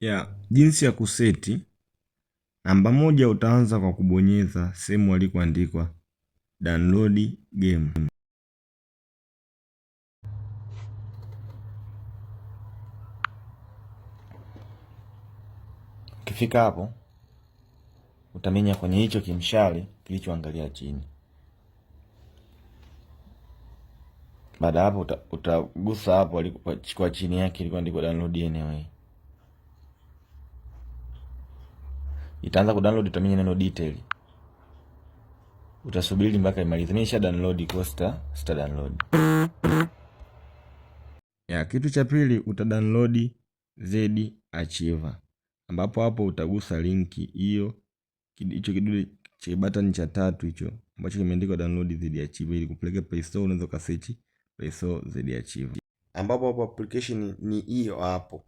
Yeah, jinsi ya kuseti. Namba moja, utaanza kwa kubonyeza sehemu alikoandikwa download game. Ukifika hapo, utamenya kwenye hicho kimshale kilichoangalia chini. Baada hapo, utagusa hapo kwa chini yake ilikuandikwa download anyway. itaanza kudownload, utaminya neno detail, utasubiri mpaka imalize. Mimi nisha download costa sita download ya. Kitu cha pili uta download Z achiever ambapo hapo utagusa linki hiyo, hicho kidude cha button cha tatu hicho ambacho kimeandikwa download Z achiever ili kupeleka Play Store, unaweza ukasearch Play Store Z achiever ambapo hapo application ni hiyo hapo.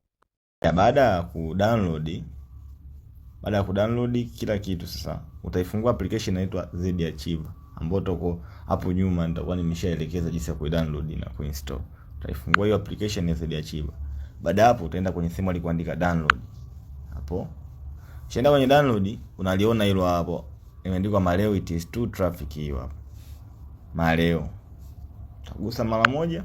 ya Baada ya kudownload baada ya kudownload kila kitu sasa, utaifungua application inaitwa Z Archive ambayo toko hapo nyuma nitakuwa nimeshaelekeza jinsi ya kudownload na kuinstall. Utaifungua hiyo application ya Z Archive. Baada hapo utaenda kwenye sehemu alikoandika download. Hapo. Ukienda kwenye download unaliona hilo hapo. Imeandikwa Maleo it is too traffic hiyo hapo. Maleo. Utagusa mara moja.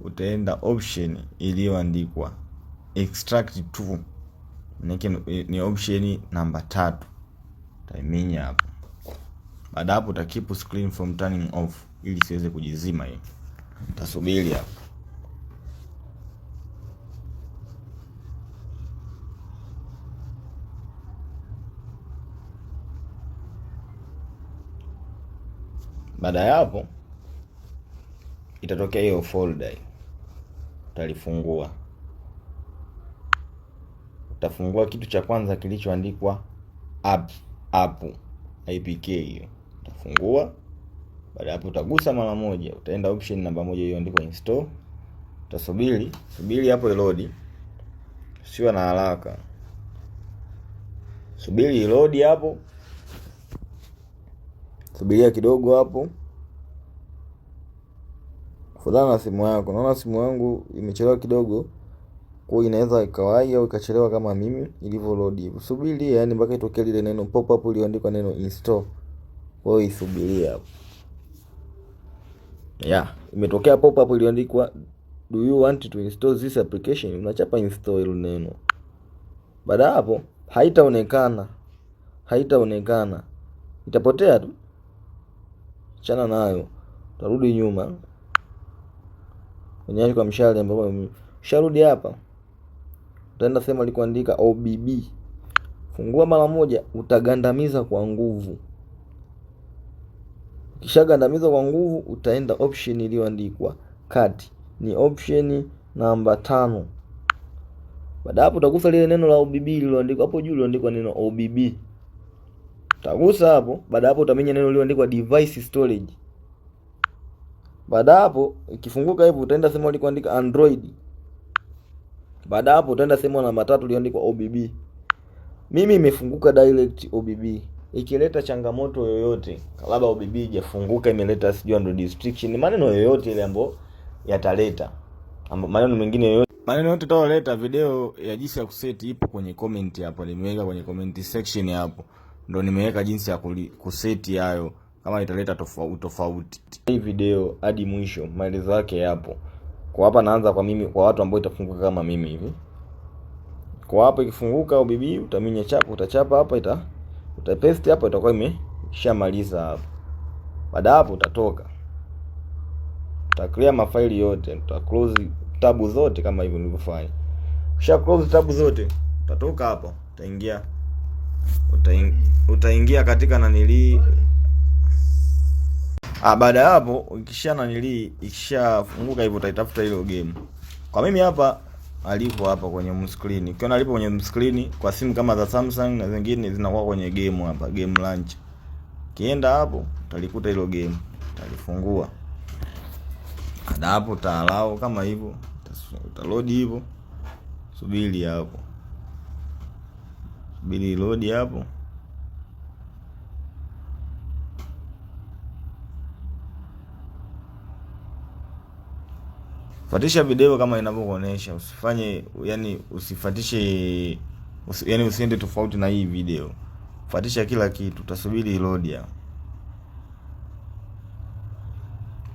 Utaenda option iliyoandikwa extract to ni option namba tatu, utaminya hapo. Baada hapo uta keep screen from turning off ili siweze kujizima hiyo. Utasubiri hapo. Baada ya hapo itatokea hiyo folder, utalifungua utafungua kitu cha kwanza kilichoandikwa app app apk hiyo utafungua. Baada hapo utagusa mara moja, utaenda option namba moja hiyo andiko install, utasubiri subiri hapo load sio na haraka, subiri load hapo, subiria kidogo hapo fudhana na simu yako. Naona simu yangu imechelewa kidogo. Kwa hiyo inaweza ikawai au ikachelewa kama mimi ilivyo load nilivyolodi. Subiria yani mpaka itokee lile neno pop up iliyoandikwa neno install. Kwa hiyo isubiria hapo. Yeah, imetokea pop up iliyoandikwa do you want to install this application? Unachapa install hilo neno. Baada hapo haitaonekana. Haitaonekana. Itapotea tu. Chana nayo. Utarudi nyuma. Unyashi kwa mshale ambapo msharudi hapa utaenda sehemu alikuandika OBB, fungua mara moja, utagandamiza kwa nguvu. Ukishagandamiza kwa nguvu, utaenda option iliyoandikwa cut, ni option namba tano. Baada hapo utagusa lile neno la OBB lililoandikwa hapo juu, lililoandikwa neno OBB utagusa hapo. Baada hapo utamenya neno lililoandikwa device storage. Baada hapo ikifunguka hivyo, utaenda sehemu alikoandika Android baada hapo utaenda sehemu namba tatu iliyoandikwa OBB. Mimi imefunguka direct OBB. Ikileta changamoto yoyote, labda OBB ijafunguka imeleta sijui ndo restriction, maneno yoyote ile ambayo yataleta maneno mengine yoyote, maneno yote tutaoleta video ya jinsi ya kuset ipo kwenye comment hapo, nimeweka kwenye comment section hapo, ndo nimeweka jinsi ya kuset hayo, kama italeta tofauti tofauti hii video hadi mwisho, maelezo yake yapo kwa hapa naanza kwa mimi, kwa watu ambao itafunguka kama mimi hivi. Kwa hapa ikifunguka ubibi, utaminya chapa, utachapa hapa, ita utapaste hapa, itakuwa imeshamaliza hapa. Baada hapo utatoka, clear mafaili yote, uta close tabu zote kama hivyo nilivyofanya. Kisha close tabu zote, utatoka hapa, utaingia utaingia katika nanili Ah, baada ya hapo ikisha nanili ikishafunguka hivyo utaitafuta hilo game. Kwa mimi hapa alipo hapa kwenye mscreen. Ukiona alipo kwenye mscreen kwa simu kama za Samsung na zingine zinakuwa kwenye game hapa, game launch. Kienda hapo utalikuta hilo game. Utalifungua. Baada hapo utaalao kama hivyo, utaload hivyo. Subiri hapo. Subiri load hapo. Fatisha video kama inavyokuonesha, usifanye yani, usifatishe usi, yani usiende tofauti na hii video. Fatisha kila kitu, utasubiri load ya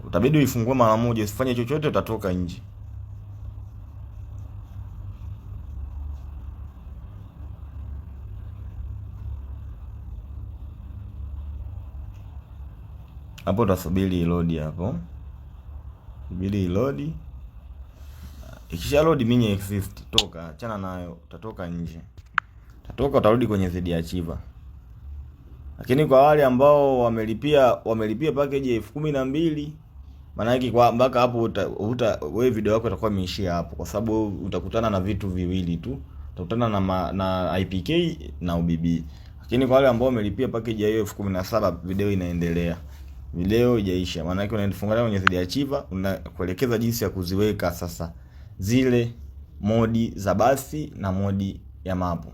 Utabidi uifungue mara moja, usifanye chochote, utatoka nje. Hapo utasubiri load hapo. Subiri load ikisha load minya exist, toka achana nayo, utatoka nje, utatoka utarudi kwenye zedi achiva. Lakini kwa wale ambao wamelipia wamelipia package elfu kumi na mbili maana yake kwa mpaka hapo uta, uta wewe video yako itakuwa imeishia hapo, kwa sababu utakutana na vitu viwili tu, utakutana na ma, na IPK na UBB. Lakini kwa wale ambao wamelipia package ya hiyo elfu kumi na saba video inaendelea video haijaisha, maana yake unaenda kufungana kwenye zidi achiva, unakuelekeza jinsi ya kuziweka sasa zile modi za basi na modi ya mapu.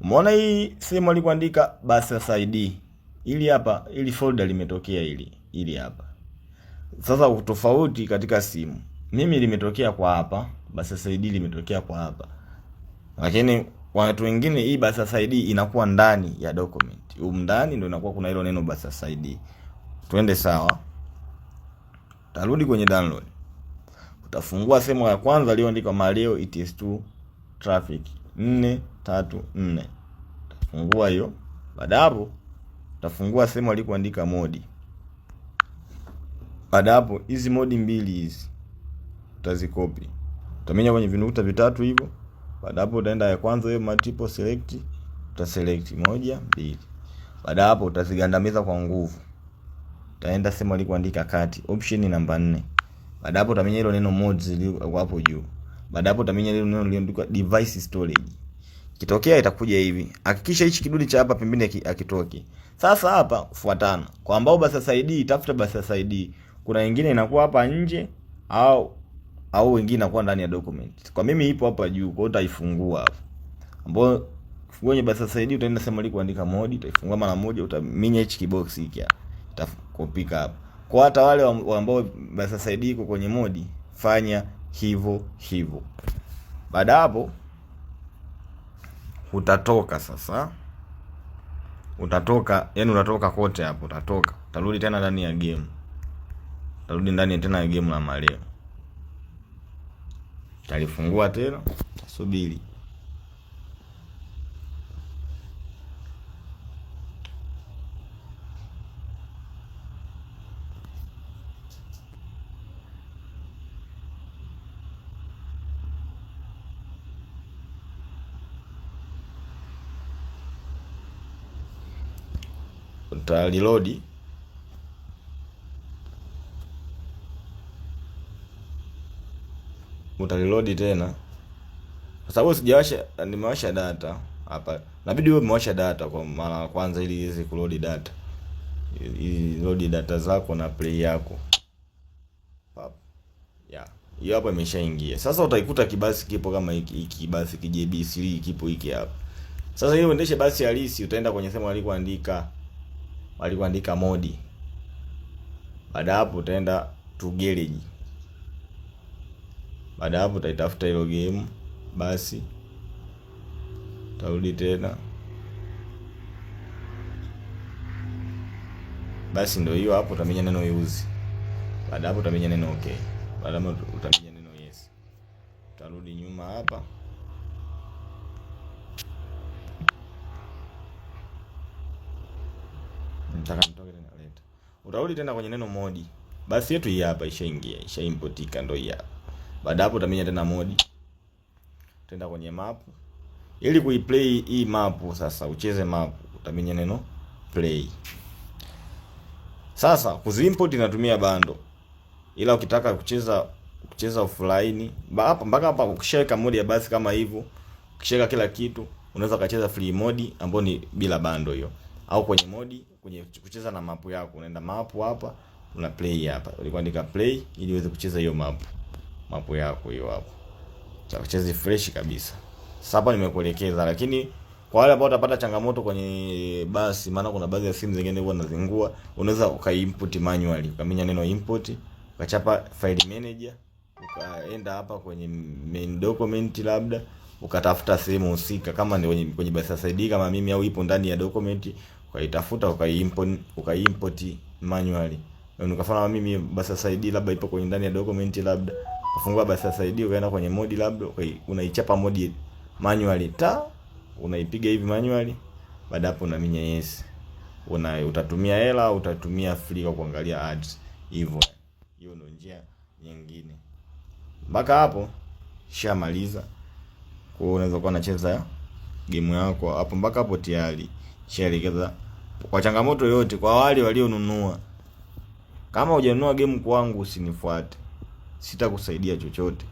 Umeona hii sehemu alikuandika basi ya ID. Ili hapa ili folder limetokea ili ili hapa. Sasa utofauti katika simu. Mimi limetokea kwa hapa, basi ya ID limetokea kwa hapa. Lakini kwa watu wengine hii basi ya ID inakuwa ndani ya document. Huko ndani ndio inakuwa kuna hilo neno basi ya ID. Twende sawa. Tarudi kwenye download. Utafungua sehemu ya kwanza iliyoandikwa maleo it is to traffic 434 3 Utafungua hiyo. Baada hapo utafungua sehemu alikoandika modi. Baada hapo hizi modi mbili hizi utazikopi. Utamenya kwenye vinukta vitatu hivyo. Baada hapo utaenda ya kwanza hiyo multiple select utaselect moja, mbili. Baada hapo utazigandamiza kwa nguvu. Utaenda sehemu alikoandika kati option namba nne. Baada hapo utamenya hilo neno mods liko hapo juu. Baada hapo utamenya hilo neno lililoandikwa device storage. Kitokea itakuja hivi. Hakikisha hichi kidude cha hapa pembeni akitoki. Sasa hapa fuatana. Kwa ambao basa ID tafuta basa ID. Kuna nyingine inakuwa hapa nje au au wengine inakuwa ndani ya document. Kwa mimi ipo hapa juu, kwa hiyo utaifungua hapo. Ambao fungue basa ID utaenda sema liko andika modi, utaifungua mara moja, utaminya hichi kibox hiki hapa. Itakopika hapa. Kwa hata wale ambao sasa ID iko kwenye modi, fanya hivyo hivyo. Baada hapo utatoka sasa, utatoka yani, utatoka kote hapo, utatoka utarudi tena ndani ya game, utarudi ndani tena ya game la maleo, utalifungua tena, subiri. nitalilodi utalilodi tena, kwa sababu sijawasha, nimewasha data hapa. Inabidi wewe umewasha data kwa mara ya kwanza, ili iweze kulodi data, ili load data zako na play yako Yeah, hiyo hapa imeshaingia. Sasa utaikuta kibasi kipo kama hiki, basi kijb3 kipo hiki hapa. Sasa hiyo uendeshe basi halisi, utaenda kwenye sehemu alikuandika walikuandika modi. Baada hapo utaenda to garage. Baada hapo utaitafuta hiyo game basi utarudi tena basi, ndio hiyo hapo. Utamenya neno use, baada hapo utamenya neno okay, baada hapo utamenya neno yes, utarudi nyuma hapa. nataka nitoke tena leta. Utarudi tena kwenye neno modi. Basi yetu hii hapa ishaingia, ishaimportika ndio hii hapa. Baada hapo utamenya tena modi. Tenda kwenye map. Ili kuiplay hii map sasa ucheze map utamenya neno play. Sasa kuzimport inatumia bando. Ila ukitaka kucheza kucheza offline, hapa mpaka hapa ukishaweka modi ya basi kama hivyo, ukishaweka kila kitu, unaweza ukacheza free modi ambayo ni bila bando hiyo au kwenye modi kwenye kucheza na mapu yako, unaenda mapu hapa, una play hapa, ulikuwa andika play ili uweze kucheza hiyo mapu, mapu yako hiyo hapo, cha kucheza fresh kabisa. Sasa hapa nimekuelekeza, lakini kwa wale ambao utapata changamoto kwenye basi, maana kuna baadhi ya simu zingine huwa nazingua, unaweza uka input manually, ukaminya neno input, ukachapa file manager, ukaenda hapa kwenye main document, labda ukatafuta sehemu husika, kama ni kwenye basi ID kama mimi, au ipo ndani ya document ukaitafuta ukaiimport ukaiimport manually na mimi basi ID labda ipo kwenye ndani ya document labda Kafungua basi ID ukaenda kwenye modi labda okay, unaichapa modi manually ta unaipiga hivi manually, baada hapo unaminya yes, una utatumia hela utatumia free kwa kuangalia ads hivyo. Hiyo ndio njia nyingine. Mpaka hapo shamaliza. Kwa unaweza kuwa unacheza game yako hapo mpaka hapo tayari nishaelekeza kwa changamoto yote, kwa wale walionunua. Kama hujanunua game kwangu, usinifuate, sitakusaidia chochote.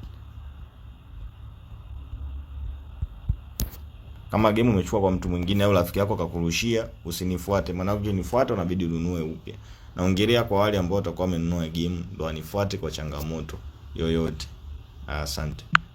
Kama game umechukua kwa mtu mwingine au rafiki yako akakurushia, usinifuate, maana ukinifuata unabidi ununue upya. Naongelea kwa wale ambao watakuwa wamenunua game, ndo wanifuate kwa changamoto yoyote. Asante.